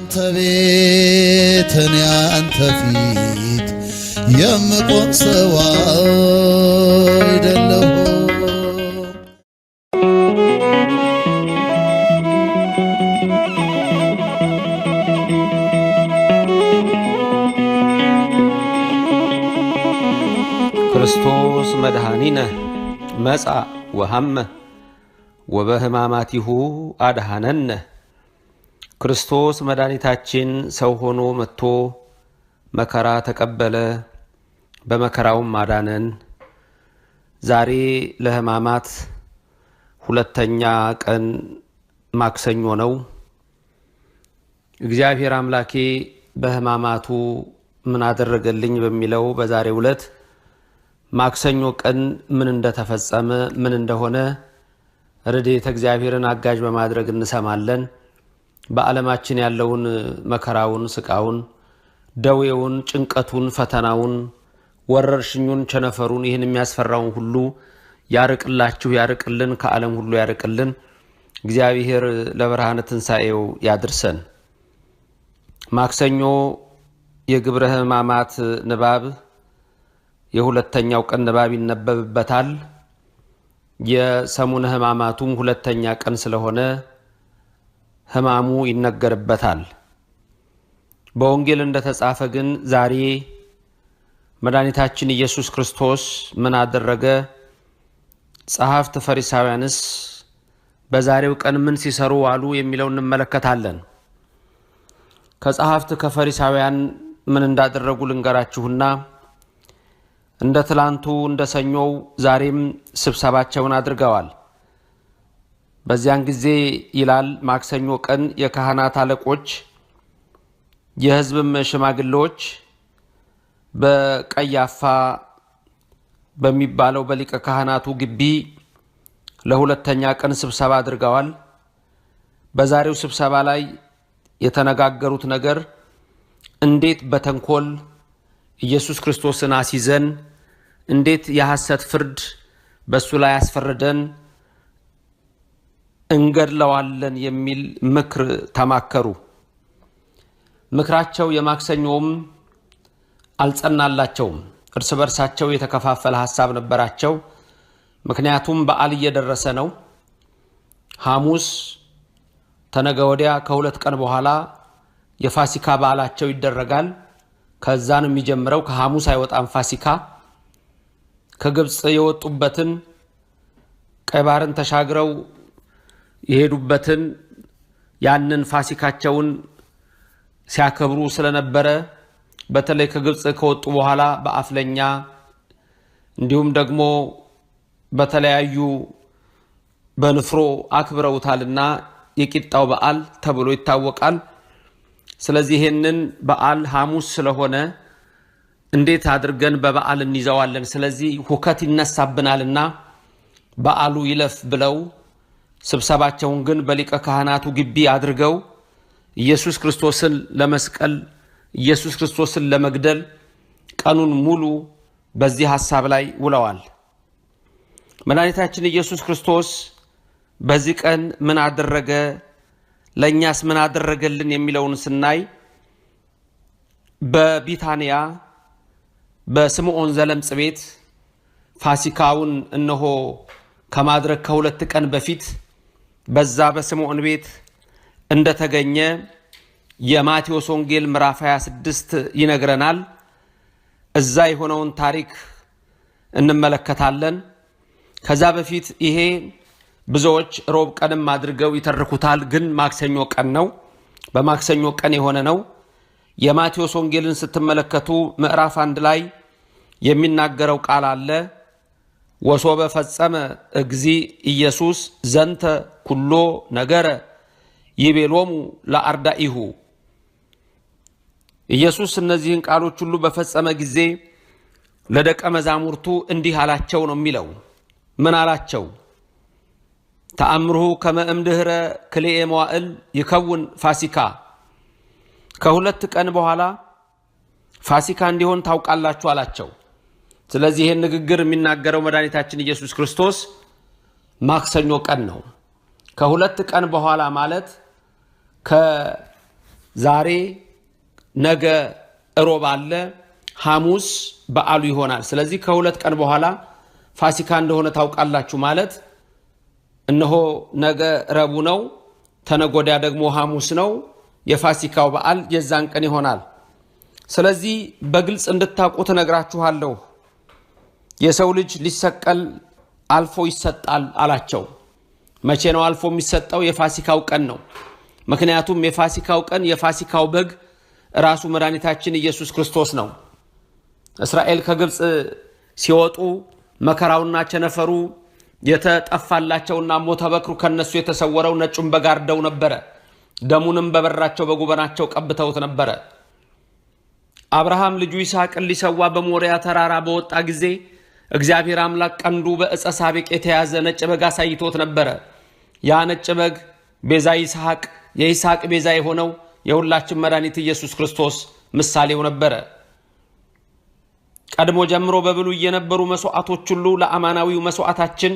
አንተ ቤት እኔ አንተ ፊት የምቆም ሰው አይደለሁ። ክርስቶስ መድኃኒነ መጻ ወሐመ ወበሕማማቲሁ አድኃነነ ክርስቶስ መድኃኒታችን ሰው ሆኖ መጥቶ መከራ ተቀበለ፣ በመከራውም አዳነን። ዛሬ ለሕማማት ሁለተኛ ቀን ማክሰኞ ነው። እግዚአብሔር አምላኬ በሕማማቱ ምን አደረገልኝ በሚለው በዛሬ ዕለት ማክሰኞ ቀን ምን እንደተፈጸመ ምን እንደሆነ ረድኤተ እግዚአብሔርን አጋዥ በማድረግ እንሰማለን። በዓለማችን ያለውን መከራውን፣ ስቃውን፣ ደዌውን፣ ጭንቀቱን፣ ፈተናውን፣ ወረርሽኙን፣ ቸነፈሩን፣ ይህን የሚያስፈራውን ሁሉ ያርቅላችሁ፣ ያርቅልን፣ ከዓለም ሁሉ ያርቅልን። እግዚአብሔር ለብርሃነ ትንሣኤው ያድርሰን። ማክሰኞ የግብረ ሕማማት ንባብ የሁለተኛው ቀን ንባብ ይነበብበታል። የሰሙነ ሕማማቱም ሁለተኛ ቀን ስለሆነ ሕማሙ ይነገርበታል። በወንጌል እንደ ተጻፈ ግን ዛሬ መድኃኒታችን ኢየሱስ ክርስቶስ ምን አደረገ? ጸሐፍት ፈሪሳውያንስ በዛሬው ቀን ምን ሲሰሩ ዋሉ የሚለው እንመለከታለን። ከጸሐፍት ከፈሪሳውያን ምን እንዳደረጉ ልንገራችሁና እንደ ትላንቱ እንደ ሰኞው ዛሬም ስብሰባቸውን አድርገዋል። በዚያን ጊዜ ይላል ማክሰኞ ቀን የካህናት አለቆች የሕዝብም ሽማግሌዎች በቀያፋ በሚባለው በሊቀ ካህናቱ ግቢ ለሁለተኛ ቀን ስብሰባ አድርገዋል። በዛሬው ስብሰባ ላይ የተነጋገሩት ነገር እንዴት በተንኮል ኢየሱስ ክርስቶስን አሲዘን እንዴት የሐሰት ፍርድ በእሱ ላይ አስፈርደን? እንገድለዋለን የሚል ምክር ተማከሩ። ምክራቸው የማክሰኞውም አልጸናላቸውም። እርስ በርሳቸው የተከፋፈለ ሀሳብ ነበራቸው። ምክንያቱም በዓል እየደረሰ ነው። ሐሙስ ተነገ ወዲያ ከሁለት ቀን በኋላ የፋሲካ በዓላቸው ይደረጋል። ከዛ ነው የሚጀምረው። ከሐሙስ አይወጣም ፋሲካ። ከግብፅ የወጡበትን ቀይ ባህርን ተሻግረው የሄዱበትን ያንን ፋሲካቸውን ሲያከብሩ ስለነበረ በተለይ ከግብፅ ከወጡ በኋላ በአፍለኛ እንዲሁም ደግሞ በተለያዩ በንፍሮ አክብረውታልና የቂጣው በዓል ተብሎ ይታወቃል። ስለዚህ ይህንን በዓል ሐሙስ ስለሆነ እንዴት አድርገን በበዓል እንይዘዋለን? ስለዚህ ሁከት ይነሳብናልና በዓሉ ይለፍ ብለው ስብሰባቸውን ግን በሊቀ ካህናቱ ግቢ አድርገው ኢየሱስ ክርስቶስን ለመስቀል ኢየሱስ ክርስቶስን ለመግደል ቀኑን ሙሉ በዚህ ሐሳብ ላይ ውለዋል። መድኃኒታችን ኢየሱስ ክርስቶስ በዚህ ቀን ምን አደረገ፣ ለእኛስ ምን አደረገልን የሚለውን ስናይ በቢታንያ በስምዖን ዘለምጽ ቤት ፋሲካውን እነሆ ከማድረግ ከሁለት ቀን በፊት በዛ በስምዖን ቤት እንደተገኘ የማቴዎስ ወንጌል ምዕራፍ 26 ይነግረናል። እዛ የሆነውን ታሪክ እንመለከታለን። ከዛ በፊት ይሄ ብዙዎች ሮብ ቀንም አድርገው ይተርኩታል፣ ግን ማክሰኞ ቀን ነው። በማክሰኞ ቀን የሆነ ነው። የማቴዎስ ወንጌልን ስትመለከቱ ምዕራፍ አንድ ላይ የሚናገረው ቃል አለ። ወሶበ ፈጸመ እግዚ ኢየሱስ ዘንተ ኩሎ ነገረ ይቤሎሙ ለአርዳኢሁ። ኢየሱስ እነዚህን ቃሎች ሁሉ በፈጸመ ጊዜ ለደቀ መዛሙርቱ እንዲህ አላቸው ነው የሚለው። ምን አላቸው? ተአምርሁ ከመእምድህረ ክልኤ መዋእል ይከውን ፋሲካ። ከሁለት ቀን በኋላ ፋሲካ እንዲሆን ታውቃላችሁ አላቸው። ስለዚህ ይህን ንግግር የሚናገረው መድኃኒታችን ኢየሱስ ክርስቶስ ማክሰኞ ቀን ነው። ከሁለት ቀን በኋላ ማለት ከዛሬ ነገ እሮብ አለ፣ ሐሙስ በዓሉ ይሆናል። ስለዚህ ከሁለት ቀን በኋላ ፋሲካ እንደሆነ ታውቃላችሁ ማለት እነሆ ነገ ረቡዕ ነው፣ ተነጎዳ ደግሞ ሐሙስ ነው። የፋሲካው በዓል የዛን ቀን ይሆናል። ስለዚህ በግልጽ እንድታውቁ ትነግራችኋለሁ። የሰው ልጅ ሊሰቀል አልፎ ይሰጣል አላቸው። መቼ ነው አልፎ የሚሰጠው? የፋሲካው ቀን ነው። ምክንያቱም የፋሲካው ቀን የፋሲካው በግ ራሱ መድኃኒታችን ኢየሱስ ክርስቶስ ነው። እስራኤል ከግብፅ ሲወጡ መከራውና ቸነፈሩ የተጠፋላቸውና ሞተ በክሩ ከነሱ የተሰወረው ነጩን በግ አርደው ነበረ። ደሙንም በበራቸው በጉበናቸው ቀብተውት ነበረ። አብርሃም ልጁ ይስሐቅን ሊሰዋ በሞሪያ ተራራ በወጣ ጊዜ እግዚአብሔር አምላክ ቀንዱ በእጸሳቤቅ ሳቤቅ የተያዘ ነጭ በግ አሳይቶት ነበረ። ያ ነጭ በግ ቤዛ ይስሐቅ፣ የይስሐቅ ቤዛ የሆነው የሁላችን መድኃኒት ኢየሱስ ክርስቶስ ምሳሌው ነበረ። ቀድሞ ጀምሮ በብሉይ የነበሩ መስዋዕቶች ሁሉ ለአማናዊው መስዋዕታችን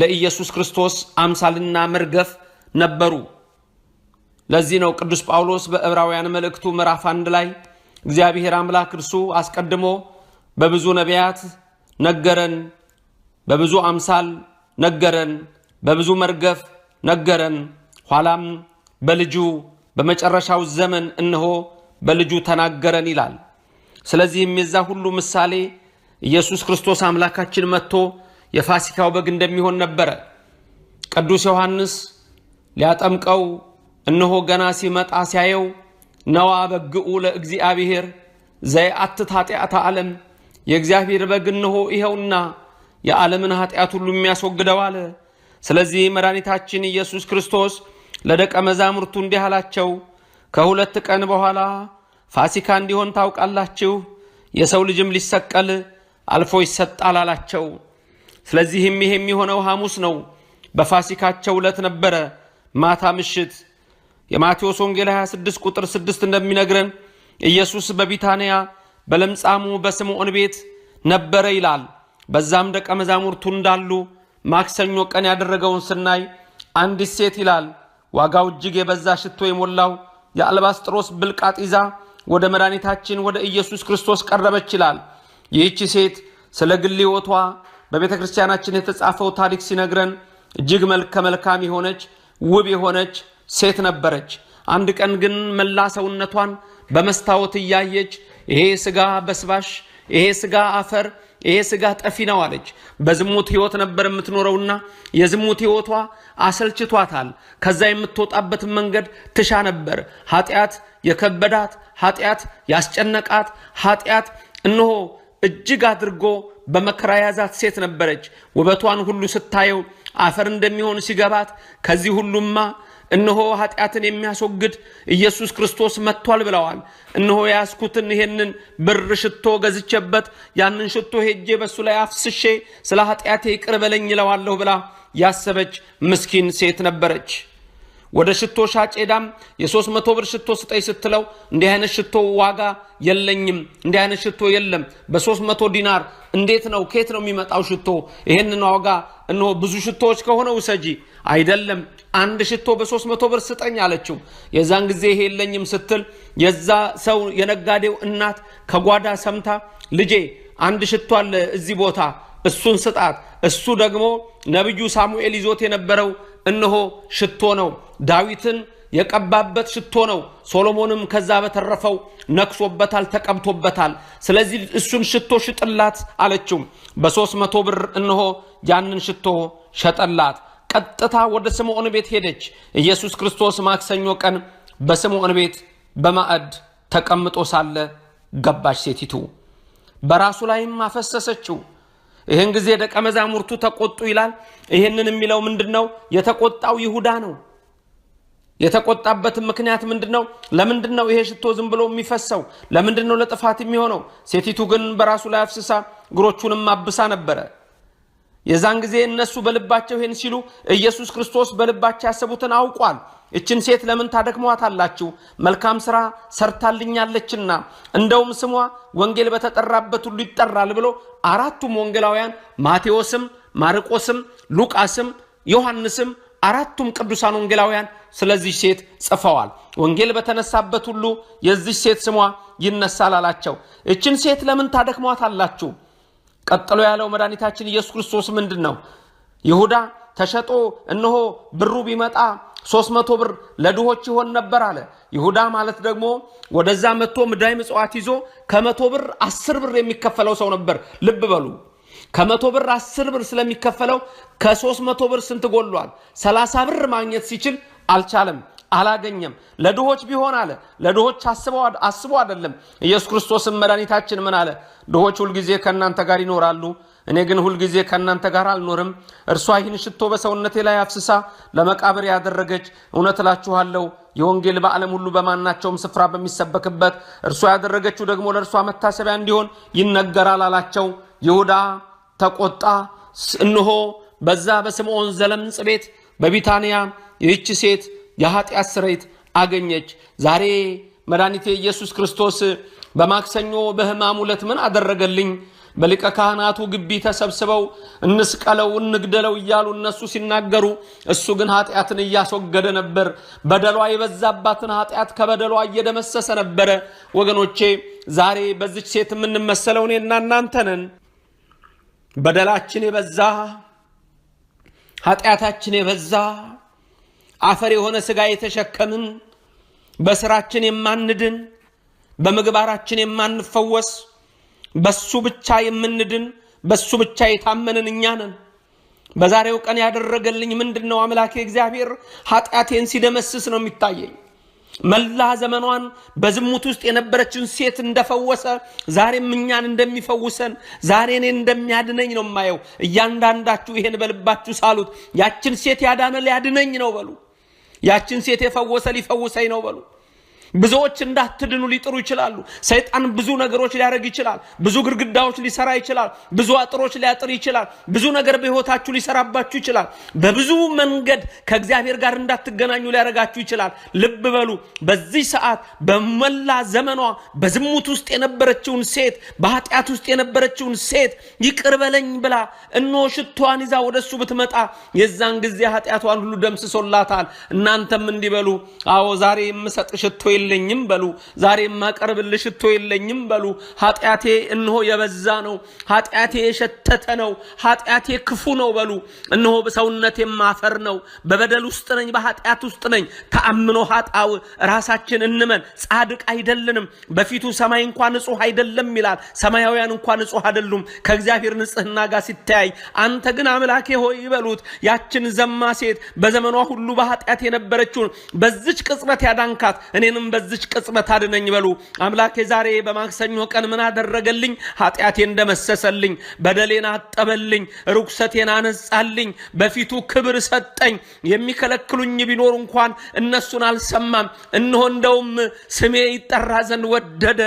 ለኢየሱስ ክርስቶስ አምሳልና መርገፍ ነበሩ። ለዚህ ነው ቅዱስ ጳውሎስ በዕብራውያን መልእክቱ ምዕራፍ አንድ ላይ እግዚአብሔር አምላክ እርሱ አስቀድሞ በብዙ ነቢያት ነገረን፣ በብዙ አምሳል ነገረን፣ በብዙ መርገፍ ነገረን። ኋላም በልጁ በመጨረሻው ዘመን እነሆ በልጁ ተናገረን ይላል። ስለዚህም የዛ ሁሉ ምሳሌ ኢየሱስ ክርስቶስ አምላካችን መጥቶ የፋሲካው በግ እንደሚሆን ነበረ። ቅዱስ ዮሐንስ ሊያጠምቀው እነሆ ገና ሲመጣ ሲያየው ነዋ በግኡ ለእግዚአብሔር ዘይ አትት ኃጢአተ ዓለም የእግዚአብሔር በግ እንሆ ይኸውና የዓለምን ኃጢአት ሁሉ የሚያስወግደው አለ። ስለዚህ መድኃኒታችን ኢየሱስ ክርስቶስ ለደቀ መዛሙርቱ እንዲህ አላቸው፣ ከሁለት ቀን በኋላ ፋሲካ እንዲሆን ታውቃላችሁ፣ የሰው ልጅም ሊሰቀል አልፎ ይሰጣል አላቸው። ስለዚህም ይሄ የሚሆነው ሐሙስ ነው። በፋሲካቸው ዕለት ነበረ፣ ማታ ምሽት። የማቴዎስ ወንጌል 26 ቁጥር 6 እንደሚነግረን ኢየሱስ በቢታንያ በለምጻሙ በስምዖን ቤት ነበረ ይላል። በዛም ደቀ መዛሙርቱ እንዳሉ ማክሰኞ ቀን ያደረገውን ስናይ አንዲት ሴት ይላል ዋጋው እጅግ የበዛ ሽቶ የሞላው የአልባስጥሮስ ብልቃጥ ይዛ ወደ መድኃኒታችን ወደ ኢየሱስ ክርስቶስ ቀረበች ይላል። ይህቺ ሴት ስለ ግል ሕይወቷ በቤተ ክርስቲያናችን የተጻፈው ታሪክ ሲነግረን እጅግ መልከ መልካም የሆነች ውብ የሆነች ሴት ነበረች። አንድ ቀን ግን መላ ሰውነቷን በመስታወት እያየች ይሄ ስጋ በስባሽ፣ ይሄ ስጋ አፈር፣ ይሄ ስጋ ጠፊ ነው አለች። በዝሙት ህይወት ነበር የምትኖረውና የዝሙት ህይወቷ አሰልችቷታል። ከዛ የምትወጣበትን መንገድ ትሻ ነበር። ኃጢአት የከበዳት ኃጢአት ያስጨነቃት ኃጢአት እነሆ እጅግ አድርጎ በመከራ ያዛት ሴት ነበረች። ውበቷን ሁሉ ስታየው አፈር እንደሚሆን ሲገባት ከዚህ ሁሉማ እነሆ ኃጢአትን የሚያስወግድ ኢየሱስ ክርስቶስ መጥቷል ብለዋል። እነሆ ያስኩትን ይሄንን ብር ሽቶ ገዝቼበት ያንን ሽቶ ሄጄ በእሱ ላይ አፍስሼ ስለ ኃጢአቴ ይቅር በለኝ ይለዋለሁ ብላ ያሰበች ምስኪን ሴት ነበረች። ወደ ሽቶ ሻጭ ሄዳም የሶስት መቶ ብር ሽቶ ስጠኝ ስትለው እንዲህ አይነት ሽቶ ዋጋ የለኝም፣ እንዲህ አይነት ሽቶ የለም። በሶስት መቶ ዲናር እንዴት ነው ኬት ነው የሚመጣው ሽቶ? ይህንን ዋጋ እነሆ ብዙ ሽቶዎች ከሆነ ውሰጂ። አይደለም አንድ ሽቶ በሶስት መቶ ብር ስጠኝ አለችው። የዛን ጊዜ ይሄ የለኝም ስትል የዛ ሰው የነጋዴው እናት ከጓዳ ሰምታ ልጄ አንድ ሽቶ አለ እዚህ ቦታ እሱን ስጣት። እሱ ደግሞ ነቢዩ ሳሙኤል ይዞት የነበረው እነሆ ሽቶ ነው። ዳዊትን የቀባበት ሽቶ ነው። ሶሎሞንም ከዛ በተረፈው ነክሶበታል፣ ተቀብቶበታል። ስለዚህ እሱን ሽቶ ሽጥላት አለችው። በሦስት መቶ ብር እነሆ ያንን ሽቶ ሸጠላት። ቀጥታ ወደ ስምዖን ቤት ሄደች። ኢየሱስ ክርስቶስ ማክሰኞ ቀን በስምዖን ቤት በማዕድ ተቀምጦ ሳለ ገባች ሴቲቱ፣ በራሱ ላይም አፈሰሰችው። ይህን ጊዜ ደቀ መዛሙርቱ ተቆጡ ይላል። ይህንን የሚለው ምንድን ነው? የተቆጣው ይሁዳ ነው። የተቆጣበትም ምክንያት ምንድን ነው? ለምንድን ነው ይሄ ሽቶ ዝም ብሎ የሚፈሰው? ለምንድን ነው ለጥፋት የሚሆነው? ሴቲቱ ግን በራሱ ላይ አፍስሳ እግሮቹንም አብሳ ነበረ። የዛን ጊዜ እነሱ በልባቸው ይህን ሲሉ፣ ኢየሱስ ክርስቶስ በልባቸው ያሰቡትን አውቋል። እችን ሴት ለምን ታደክሟታላችሁ? መልካም ስራ ሰርታልኛለችና እንደውም ስሟ ወንጌል በተጠራበት ሁሉ ይጠራል ብሎ አራቱም ወንጌላውያን ማቴዎስም፣ ማርቆስም፣ ሉቃስም፣ ዮሐንስም አራቱም ቅዱሳን ወንጌላውያን ስለዚህ ሴት ጽፈዋል። ወንጌል በተነሳበት ሁሉ የዚህ ሴት ስሟ ይነሳል አላቸው። እችን ሴት ለምን ታደክሟታላችሁ? ቀጥሎ ያለው መድኃኒታችን ኢየሱስ ክርስቶስ ምንድን ነው? ይሁዳ ተሸጦ እነሆ ብሩ ቢመጣ ሶስት መቶ ብር ለድሆች ይሆን ነበር አለ። ይሁዳ ማለት ደግሞ ወደዛ መጥቶ ምዳይ ምጽዋት ይዞ ከመቶ ብር አስር ብር የሚከፈለው ሰው ነበር። ልብ በሉ ከመቶ ብር አስር ብር ስለሚከፈለው ከሶስት መቶ ብር ስንት ጎሏል? ሰላሳ ብር ማግኘት ሲችል አልቻለም፣ አላገኘም። ለድሆች ቢሆን አለ ለድሆች አስቦ አይደለም። ኢየሱስ ክርስቶስን መድኃኒታችን ምን አለ? ድሆች ሁልጊዜ ከእናንተ ጋር ይኖራሉ እኔ ግን ሁልጊዜ ከእናንተ ጋር አልኖርም። እርሷ ይህን ሽቶ በሰውነቴ ላይ አፍስሳ ለመቃብር ያደረገች፣ እውነት እላችኋለሁ የወንጌል በዓለም ሁሉ በማናቸውም ስፍራ በሚሰበክበት እርሷ ያደረገችው ደግሞ ለእርሷ መታሰቢያ እንዲሆን ይነገራል አላቸው። ይሁዳ ተቆጣ። እንሆ በዛ በስምዖን ዘለምጽ ቤት በቢታንያ ይህች ሴት የኃጢአት ስርየት አገኘች። ዛሬ መድኃኒቴ ኢየሱስ ክርስቶስ በማክሰኞ በሕማሙ ዕለት ምን አደረገልኝ? በሊቀ ካህናቱ ግቢ ተሰብስበው እንስቀለው፣ እንግደለው እያሉ እነሱ ሲናገሩ፣ እሱ ግን ኃጢአትን እያስወገደ ነበር። በደሏ የበዛባትን ኃጢአት ከበደሏ እየደመሰሰ ነበረ። ወገኖቼ ዛሬ በዚች ሴት የምንመሰለው እኔና እናንተ ነን። በደላችን የበዛ ኃጢአታችን የበዛ አፈር የሆነ ሥጋ የተሸከምን በስራችን የማንድን በምግባራችን የማንፈወስ በሱ ብቻ የምንድን በሱ ብቻ የታመንን እኛ ነን። በዛሬው ቀን ያደረገልኝ ምንድን ነው? አምላኬ እግዚአብሔር ኃጢአቴን ሲደመስስ ነው የሚታየኝ። መላ ዘመኗን በዝሙት ውስጥ የነበረችን ሴት እንደፈወሰ ዛሬም እኛን እንደሚፈውሰን ዛሬ እኔን እንደሚያድነኝ ነው የማየው። እያንዳንዳችሁ ይሄን በልባችሁ ሳሉት። ያችን ሴት ያዳነ ሊያድነኝ ነው በሉ። ያችን ሴት የፈወሰ ሊፈውሰኝ ነው በሉ። ብዙዎች እንዳትድኑ ሊጥሩ ይችላሉ። ሰይጣን ብዙ ነገሮች ሊያደርግ ይችላል። ብዙ ግድግዳዎች ሊሰራ ይችላል። ብዙ አጥሮች ሊያጥር ይችላል። ብዙ ነገር በሕይወታችሁ ሊሰራባችሁ ይችላል። በብዙ መንገድ ከእግዚአብሔር ጋር እንዳትገናኙ ሊያደርጋችሁ ይችላል። ልብ በሉ። በዚህ ሰዓት በመላ ዘመኗ በዝሙት ውስጥ የነበረችውን ሴት፣ በኃጢአት ውስጥ የነበረችውን ሴት ይቅር በለኝ ብላ እኖ ሽቷን ይዛ ወደ እሱ ብትመጣ የዛን ጊዜ ኃጢአቷን ሁሉ ደምስሶላታል። እናንተም እንዲበሉ አዎ ዛሬ የምሰጥ ሽቶ የለኝም በሉ። ዛሬ የማቀርብልሽ ሽቶ የለኝም በሉ። ኃጢአቴ እንሆ የበዛ ነው፣ ኃጢአቴ የሸተተ ነው፣ ኃጢአቴ ክፉ ነው በሉ። እንሆ በሰውነት ማፈር ነው፣ በበደል ውስጥ ነኝ፣ በኃጢአት ውስጥ ነኝ። ተአምኖ ኃጣው ራሳችን እንመን፣ ጻድቅ አይደለንም። በፊቱ ሰማይ እንኳ ንጹህ አይደለም ይላል። ሰማያውያን እንኳ ንጹህ አይደሉም ከእግዚአብሔር ንጽህና ጋር ሲተያይ። አንተ ግን አምላኬ ሆይ ይበሉት ያችን ዘማ ሴት በዘመኗ ሁሉ በኃጢአት የነበረችውን በዚች ቅጽበት ያዳንካት እኔንም እንደውም በዚች ቅጽበት አድነኝ በሉ። አምላኬ ዛሬ በማክሰኞ ቀን ምን አደረገልኝ? ኃጢአቴን እንደመሰሰልኝ፣ በደሌን አጠበልኝ፣ ርኩሰቴን አነጻልኝ፣ በፊቱ ክብር ሰጠኝ። የሚከለክሉኝ ቢኖር እንኳን እነሱን አልሰማም። እነሆ እንደውም ስሜ ይጠራ ዘንድ ወደደ።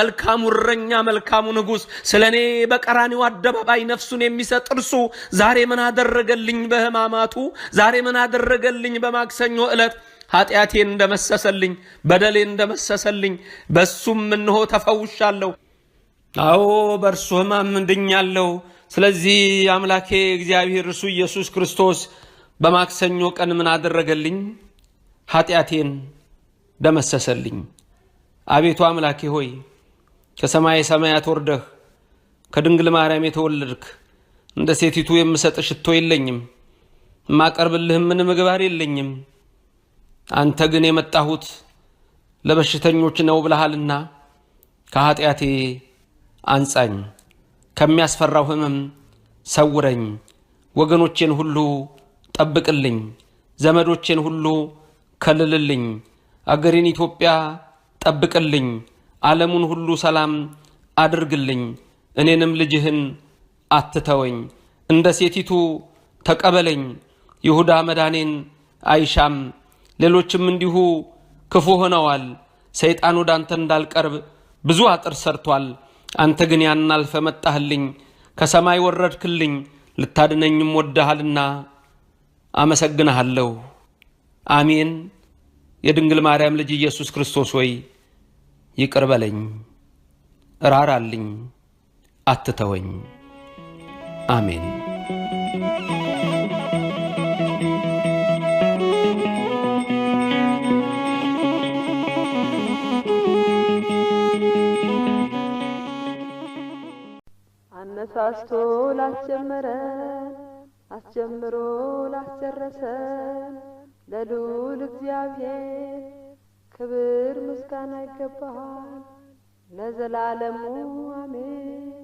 መልካሙ እረኛ፣ መልካሙ ንጉሥ ስለ እኔ በቀራኒው አደባባይ ነፍሱን የሚሰጥ እርሱ ዛሬ ምን አደረገልኝ በሕማማቱ ዛሬ ምን አደረገልኝ በማክሰኞ ዕለት ኃጢአቴን እንደመሰሰልኝ በደሌን እንደመሰሰልኝ በእሱም እንሆ ተፈውሻለሁ። አዎ በእርሱ ሕማም እንድኛለሁ። ስለዚህ አምላኬ እግዚአብሔር እርሱ ኢየሱስ ክርስቶስ በማክሰኞ ቀን ምን አደረገልኝ? ኃጢአቴን ደመሰሰልኝ። አቤቱ አምላኬ ሆይ ከሰማይ ሰማያት ወርደህ ከድንግል ማርያም የተወለድክ እንደ ሴቲቱ የምሰጥ ሽቶ የለኝም፣ የማቀርብልህም ምን ምግባር የለኝም አንተ ግን የመጣሁት ለበሽተኞች ነው ብለሃልና ከኃጢአቴ አንጻኝ፣ ከሚያስፈራው ህመም ሰውረኝ፣ ወገኖቼን ሁሉ ጠብቅልኝ፣ ዘመዶቼን ሁሉ ከልልልኝ፣ አገሬን ኢትዮጵያ ጠብቅልኝ፣ ዓለሙን ሁሉ ሰላም አድርግልኝ፣ እኔንም ልጅህን አትተወኝ፣ እንደ ሴቲቱ ተቀበለኝ። ይሁዳ መዳኔን አይሻም ሌሎችም እንዲሁ ክፉ ሆነዋል። ሰይጣን ወደ አንተ እንዳልቀርብ ብዙ አጥር ሰርቷል። አንተ ግን ያን አልፈ መጣህልኝ፣ ከሰማይ ወረድክልኝ፣ ልታድነኝም ወደሃልና አመሰግንሃለሁ። አሜን። የድንግል ማርያም ልጅ ኢየሱስ ክርስቶስ ሆይ ይቅር በለኝ፣ ራራልኝ፣ አትተወኝ። አሜን። ሳስቶ ላስጀመረን አስጀምሮ ላስጨረሰን ለልዑል እግዚአብሔር ክብር ምስጋና ይገባል ለዘላለሙ አሜን።